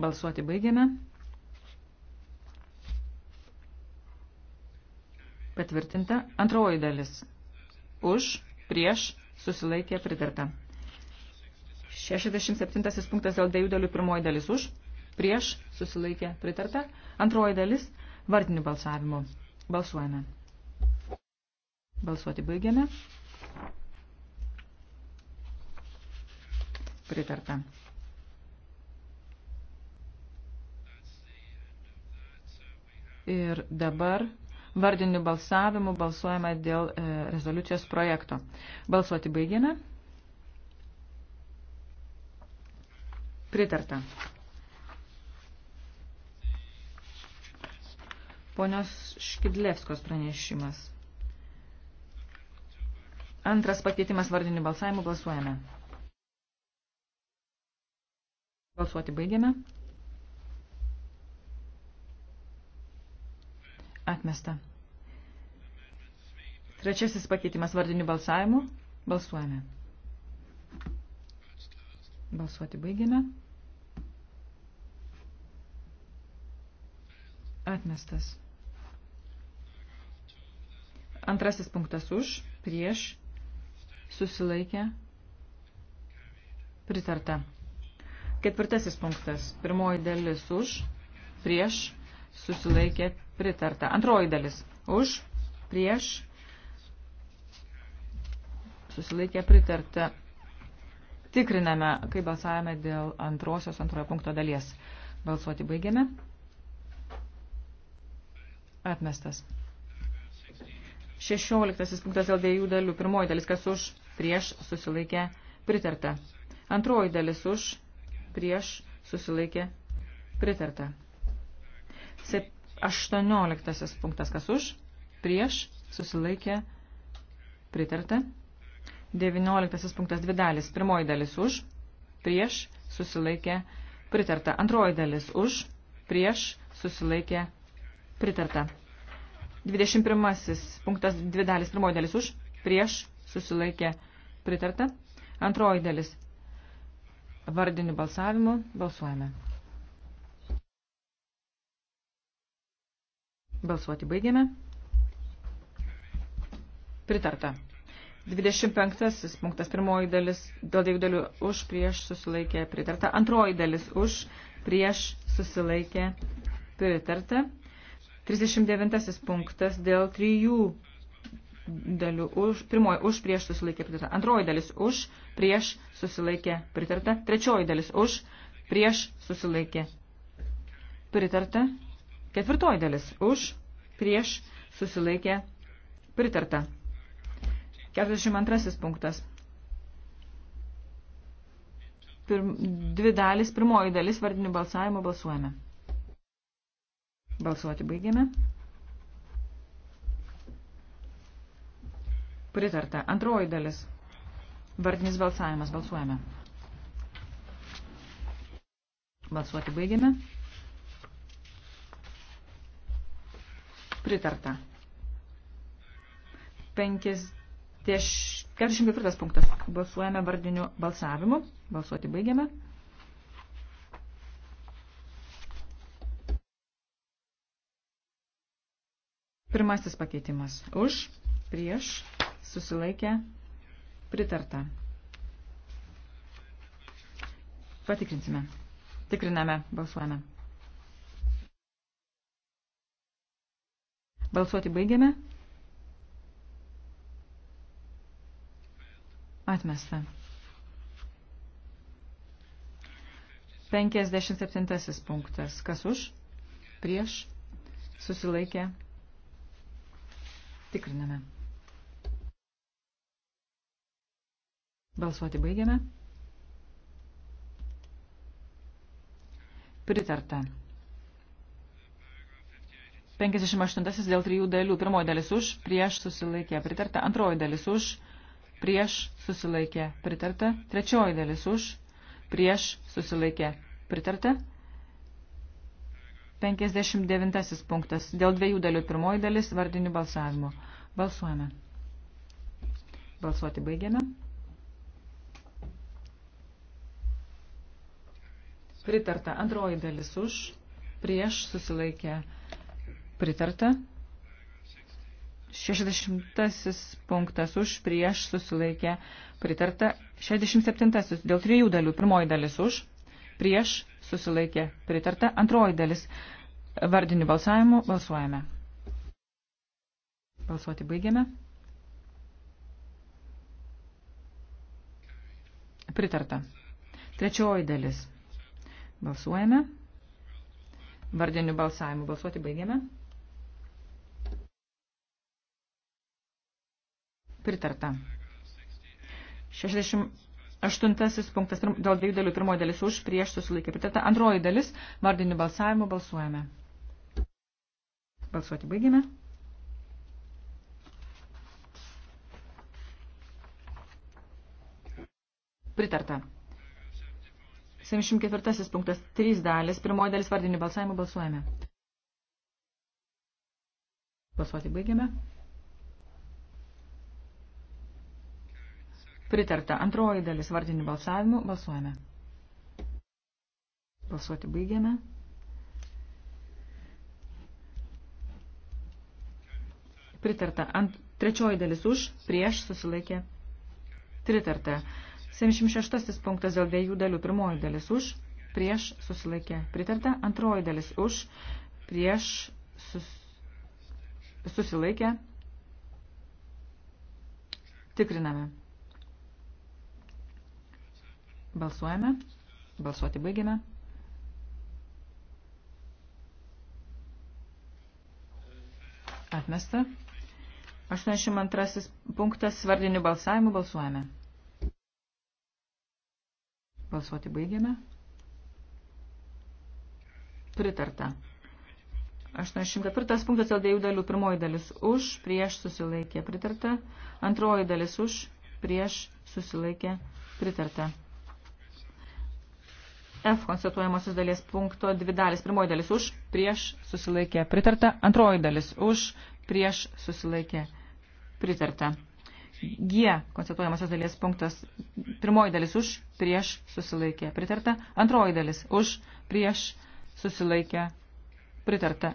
Balsuoti baigėme. Patvirtinta. Antroji dalis. Už, prieš, susilaikė, pritarta. 67 punktas dėl dviejų dalių. Pirmoji dalis už, prieš, susilaikė, pritarta. Antroji dalis vardinių balsavimo. Balsuojame. Balsuoti baigiame. Pritarta. Ir dabar vardiniu balsavimu balsuojama dėl e, rezoliucijos projekto. Balsuoti baigėme. Pritarta. Ponios Škidlevskos pranešimas. Antras pakeitimas vardinių balsavimų. Balsuojame. Balsuoti baigiame. Atmesta. Trečiasis pakeitimas vardinių balsavimų. Balsuojame. Balsuoti baigiame. Atmestas. Antrasis punktas už, prieš, susilaikė, pritarta. Ketvirtasis punktas. Pirmoji dalis už, prieš, susilaikė, pritarta. Antroji dalis už, prieš, susilaikė, pritarta. Tikriname, kai balsavome dėl antrosios antrojo punkto dalies. Balsuoti baigiame. Atmestas. Šešioliktasis punktas dėl dviejų dalių. Pirmoji dalis, kas už, prieš, susilaikė, pritarta. Antroji dalis už, prieš, susilaikė, pritarta. Sep, aštuonioliktasis punktas, kas už, prieš, susilaikė, pritarta. Devinioliktasis punktas, dvi dalis. Pirmoji dalis už, prieš, susilaikė, pritarta. Antroji dalis už, prieš, susilaikė, pritarta. 21 punktas dvi dalis. Pirmoji dalis už, prieš, susilaikė pritarta. Antroji dalis vardiniu balsavimu balsuojame. Balsuoti baigėme. Pritarta. 25 punktas, pirmoji dalis, dėl dviejų dalių už, prieš, susilaikė, pritarta. Antroji dalis už, prieš, susilaikė, pritarta. 39 punktas dėl trijų dalių už, pirmoji už prieš susilaikė pritarta, antroji dalis už prieš susilaikė pritarta, trečioji dalis už prieš susilaikė pritarta, ketvirtoji dalis už prieš susilaikė pritarta. 42 punktas. Pirm, dvi dalis, pirmoji dalis vardinių balsavimo balsuojame. Balsuoti baigėme. Pritarta. Antroji dalis. Vardinis balsavimas. Balsuojame. Balsuoti baigėme. Pritarta. 54 punktas. Balsuojame vardiniu balsavimu. Balsuoti baigėme. Pirmasis pakeitimas. Už, prieš, susilaikę, pritarta. Patikrinsime. Tikriname, balsuojame. Balsuoti baigiame. Atmesta. 57 punktas. Kas už? Prieš? Susilaikė? Tikriname. Balsuoti baigiame. Pritarta. 58 dėl trijų dalių. Pirmoji dalis už, prieš susilaikė pritarta. Antroji dalis už, prieš susilaikė pritarta. Trečioji dalis už, prieš susilaikė pritarta. 59 punktas. Dėl dviejų dalių pirmoji dalis vardinių balsavimo. Balsuojame. Balsuoti baigiame. Pritarta antroji dalis už, prieš susilaikė pritarta. 60 punktas už, prieš susilaikė pritarta. 67 dėl trijų dalių. Pirmoji dalis už, prieš susilaikė pritarta. Antroji dalis vardinių balsavimų balsuojame. Balsuoti baigiame. Pritarta. Trečioji dalis. Balsuojame. Vardinių balsavimų balsuoti baigiame. Pritarta. 60 Aštuntasis punktas dėl dviejų dalių. Pirmoji dalis už, prieš susilaikė pritarta. Antroji dalis vardiniu balsavimu balsuojame. Balsuoti baigime. Pritarta. 74 punktas 3 dalis. Pirmoji dalis vardiniu balsavimu balsuojame. Balsuoti baigėme. Pritarta. Antroji dalis vardinių balsavimų. Balsuojame. Balsuoti baigiame. Pritarta. Ant, trečioji dalis už, prieš, susilaikė. Pritarta. 76 punktas dėl dviejų dalių. Pirmoji dalis už, prieš, susilaikė. Pritarta. Antroji dalis už, prieš, sus, susilaikė. Tikriname. Balsuojame. Balsuoti baigiame. Atmesta. 82 punktas vardinių balsavimų balsuojame. Balsuoti baigiame. Pritarta. 84 punktas dėl dviejų dalių. Pirmoji dalis už, prieš susilaikė pritarta. Antroji dalis už, prieš susilaikė pritarta. F konstatuojamosios dalies punkto dvi dalis. Pirmoji dalis už, prieš, susilaikė, pritarta. Antroji dalis už, prieš, susilaikė, pritarta. G konstatuojamosios dalies punktas. Pirmoji dalis už, prieš, susilaikė, pritarta. Antroji dalis už, prieš, susilaikė, pritarta.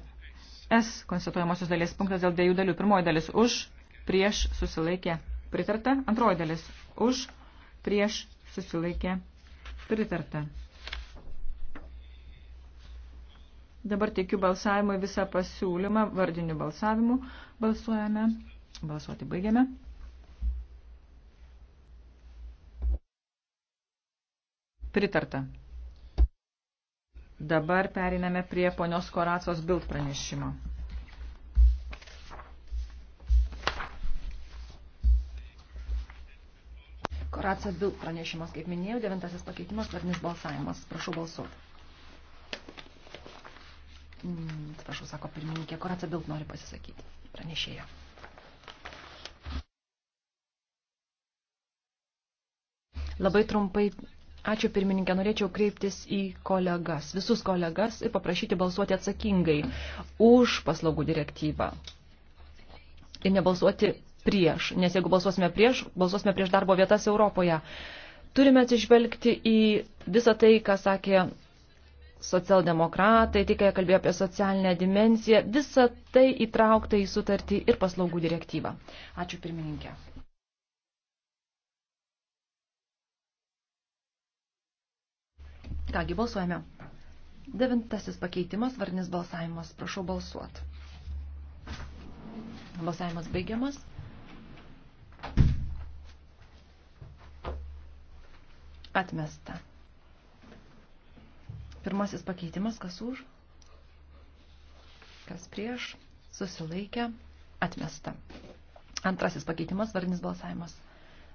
S konstatuojamosios dalies punktas dėl dviejų dalių. Pirmoji dalis už, prieš, susilaikė, pritarta. Antroji dalis už, prieš, susilaikė, pritarta. Dabar teikiu balsavimui visą pasiūlymą vardiniu balsavimu. Balsuojame. Balsuoti baigiame. Pritarta. Dabar periname prie ponios Koracijos bild pranešimo. Koracija bild pranešimas, kaip minėjau, devintasis pakeitimas, vardinis balsavimas. Prašau balsuoti. Mm, Prašau, sako pirmininkė, Koraca Bild nori pasisakyti. Pranešėjo. Labai trumpai, ačiū pirmininkė, norėčiau kreiptis į kolegas, visus kolegas ir paprašyti balsuoti atsakingai už paslaugų direktyvą. Ir nebalsuoti prieš, nes jeigu balsuosime prieš, balsuosime prieš darbo vietas Europoje. Turime atsižvelgti į visą tai, ką sakė socialdemokratai, tik kai kalbėjo apie socialinę dimensiją, visa tai įtraukta į sutartį ir paslaugų direktyvą. Ačiū pirmininkė. Kągi, balsuojame. Devintasis pakeitimas, varnis balsavimas. Prašau balsuot. Balsavimas baigiamas. Atmesta. Pirmasis pakeitimas, kas už, kas prieš, susilaikė, atmesta. Antrasis pakeitimas, vardinis balsavimas.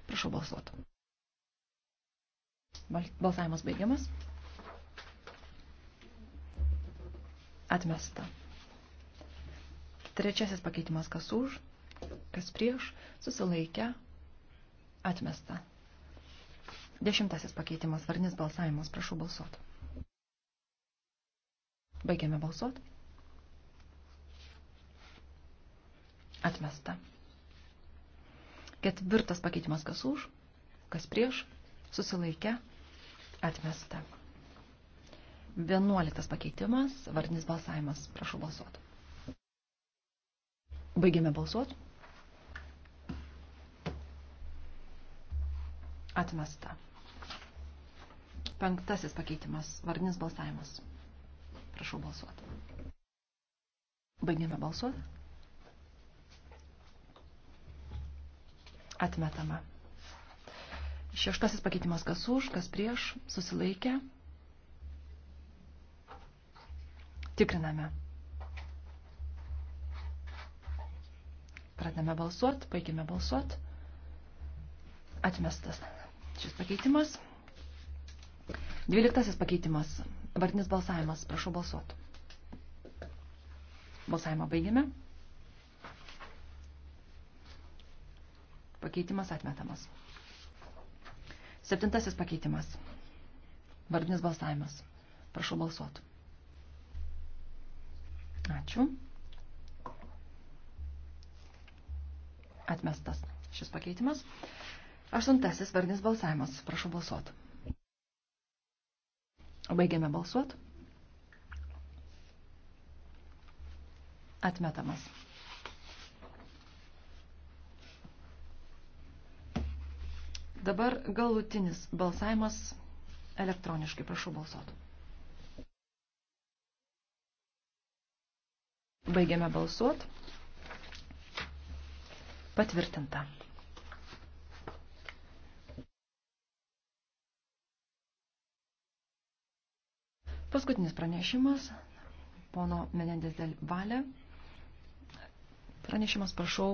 Prašau balsuotų. Balsavimas baigiamas. Atmesta. Trečiasis pakeitimas, kas už, kas prieš, susilaikė, atmesta. Dešimtasis pakeitimas, varnis balsavimas, prašau balsuotų. Baigiame balsuoti. Atmesta. Ketvirtas pakeitimas kas už, kas prieš, susilaikę, atmesta. Vienuoliktas pakeitimas, vardinis balsavimas, prašau balsuoti. Baigiame balsuoti. Atmesta. Penktasis pakeitimas, vardinis balsavimas. Prašau balsuoti. Baigėme balsuoti. Atmetama. Šeštasis pakeitimas kas už, kas prieš, susilaikę. Tikriname. Pradame balsuoti, baigėme balsuoti. Atmestas šis pakeitimas. Dvyliktasis pakeitimas Vartinis balsavimas. Prašau balsuoti. Balsavimą baigėme. Pakeitimas atmetamas. Septintasis pakeitimas. Vardinis balsavimas. Prašau balsuoti. Ačiū. Atmestas šis pakeitimas. Aštuntasis vardinis balsavimas. Prašau balsuoti. Baigiame balsuot. Atmetamas. Dabar galutinis balsavimas elektroniškai. Prašau balsuotų. Baigiame balsuot. Patvirtinta. Paskutinis pranešimas, pono Menendės del Valė. Pranešimas, prašau,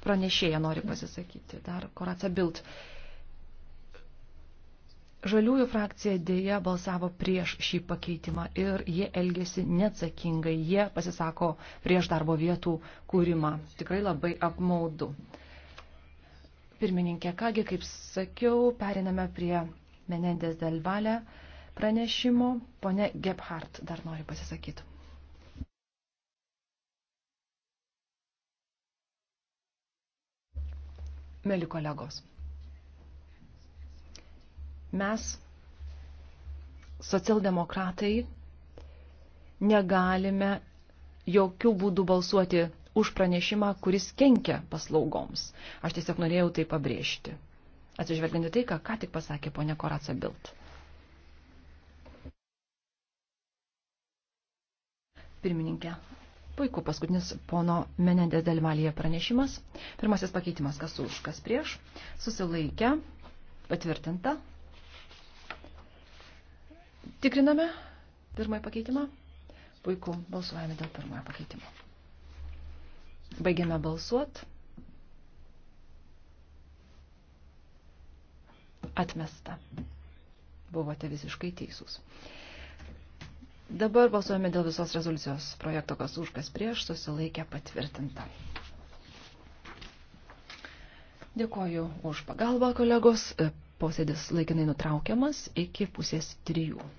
pranešėja nori pasisakyti, dar Koraca Bild. Žaliųjų frakcija dėja balsavo prieš šį pakeitimą ir jie elgėsi neatsakingai, jie pasisako prieš darbo vietų kūrimą. Tikrai labai apmaudu. Pirmininkė, kągi, kaip sakiau, periname prie Menendės Delvalė pranešimo. Pone Gebhardt dar nori pasisakyti. Mėly kolegos, mes, socialdemokratai, negalime jokių būdų balsuoti už pranešimą, kuris kenkia paslaugoms. Aš tiesiog norėjau tai pabrėžti. Atsižvelgiant į tai, ką ką tik pasakė ponia Koraca Bilt. Pirmininkė. Puiku, paskutinis pono Menendės dalyvalyje pranešimas. Pirmasis pakeitimas, kas už, kas prieš. Susilaikę, patvirtinta. Tikriname pirmąjį pakeitimą. Puiku, balsuojame dėl pirmojo pakeitimo. Baigiame balsuot. Atmesta. Buvote visiškai teisūs. Dabar balsuojame dėl visos rezoliucijos projekto, kas už, kas prieš, susilaikė patvirtinta. Dėkoju už pagalbą, kolegos. Posėdis laikinai nutraukiamas iki pusės trijų.